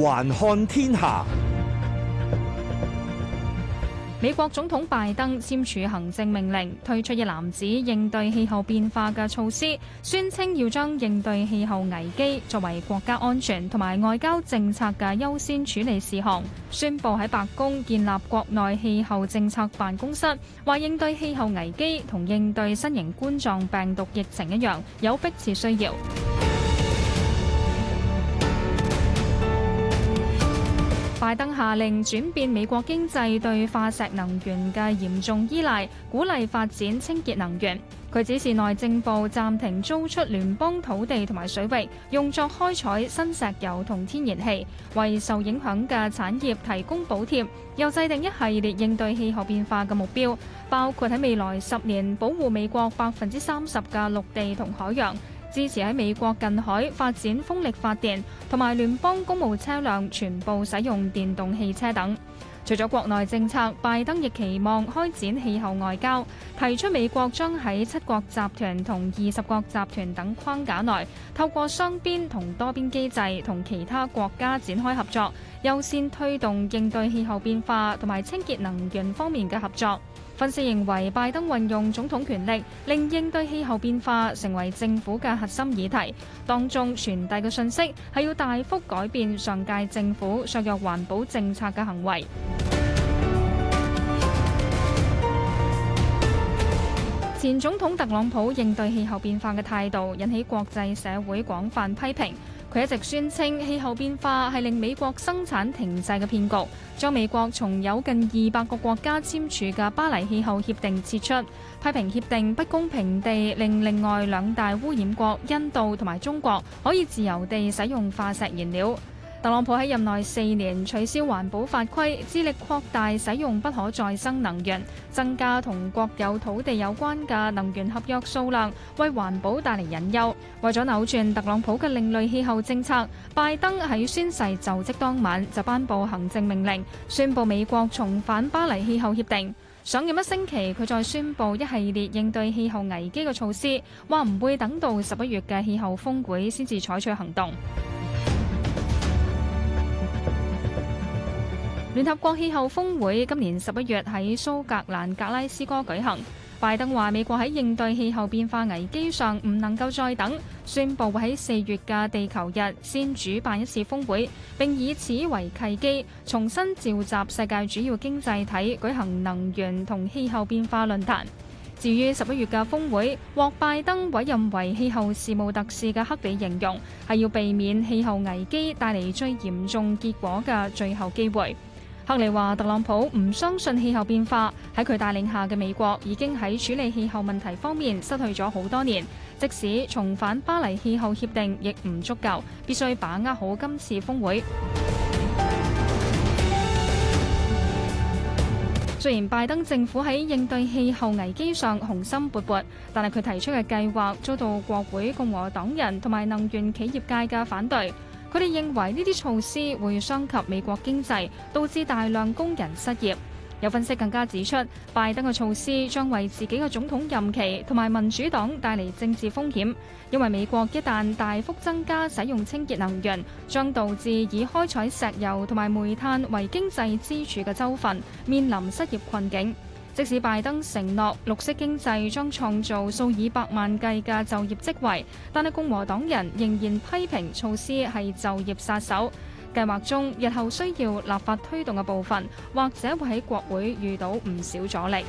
環看天下。美國總統拜登簽署行政命令，推出一籃子應對氣候變化嘅措施，宣稱要將應對氣候危機作為國家安全同埋外交政策嘅優先處理事項，宣布喺白宮建立國內氣候政策辦公室，話應對氣候危機同應對新型冠狀病毒疫情一樣有迫切需要。拜登下令轉變美國經濟對化石能源嘅嚴重依賴，鼓勵發展清潔能源。佢指示內政部暫停租出聯邦土地同埋水域，用作開採新石油同天然氣，為受影響嘅產業提供補貼，又制定一系列應對氣候變化嘅目標，包括喺未來十年保護美國百分之三十嘅陸地同海洋。支持喺美國近海發展風力發電，同埋聯邦公務車輛全部使用電動汽車等。除咗國內政策，拜登亦期望開展氣候外交，提出美國將喺七國集團同二十國集團等框架內透過雙邊同多邊機制，同其他國家展開合作，優先推動應對氣候變化同埋清潔能源方面嘅合作。分析認為，拜登運用總統權力，令應對氣候變化成為政府嘅核心議題。當中傳遞嘅訊息係要大幅改變上屆政府削弱環保政策嘅行為。前總統特朗普應對氣候變化嘅態度，引起國際社會廣泛批評。佢一直宣稱氣候變化係令美國生產停滯嘅騙局，將美國從有近二百個國家簽署嘅巴黎氣候協定撤出，批評協定不公平地令另外兩大污染國印度同埋中國可以自由地使用化石燃料。特朗普喺任內四年取消環保法規，致力擴大使用不可再生能源，增加同國有土地有關嘅能源合約數量，為環保帶嚟隱憂。為咗扭轉特朗普嘅另類氣候政策，拜登喺宣誓就職當晚就頒布行政命令，宣布美國重返巴黎氣候協定。上任一星期，佢再宣佈一系列應對氣候危機嘅措施，話唔會等到十一月嘅氣候峰會先至採取行動。聯合國氣候峰會今年十一月喺蘇格蘭格拉斯哥舉行。拜登話美國喺應對氣候變化危機上唔能夠再等，宣佈會喺四月嘅地球日先主辦一次峰會，並以此為契機重新召集世界主要經濟體舉行能源同氣候變化論壇。至於十一月嘅峰會，獲拜登委任為氣候事務特使嘅克里形容係要避免氣候危機帶嚟最嚴重結果嘅最後機會。克里話：特朗普唔相信氣候變化，喺佢帶領下嘅美國已經喺處理氣候問題方面失去咗好多年。即使重返巴黎氣候協定，亦唔足夠，必須把握好今次峰會。雖然拜登政府喺應對氣候危機上雄心勃勃，但係佢提出嘅計劃遭到國會共和黨人同埋能源企業界嘅反對。佢哋認為呢啲措施會傷及美國經濟，導致大量工人失業。有分析更加指出，拜登嘅措施將為自己嘅總統任期同埋民主黨帶嚟政治風險，因為美國一旦大幅增加使用清潔能源，將導致以開採石油同埋煤炭為經濟支柱嘅州份面臨失業困境。即使拜登承諾綠色經濟將創造數以百萬計嘅就業職位，但係共和黨人仍然批評措施係就業殺手。計劃中日後需要立法推動嘅部分，或者會喺國會遇到唔少阻力。